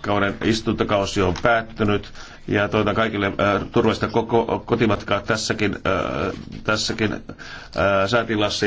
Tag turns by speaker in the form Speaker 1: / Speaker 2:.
Speaker 1: kauden istuntokausi on päättynyt ja toivotan kaikille turvallista koko, kotimatkaa tässäkin, tässäkin säätilassa.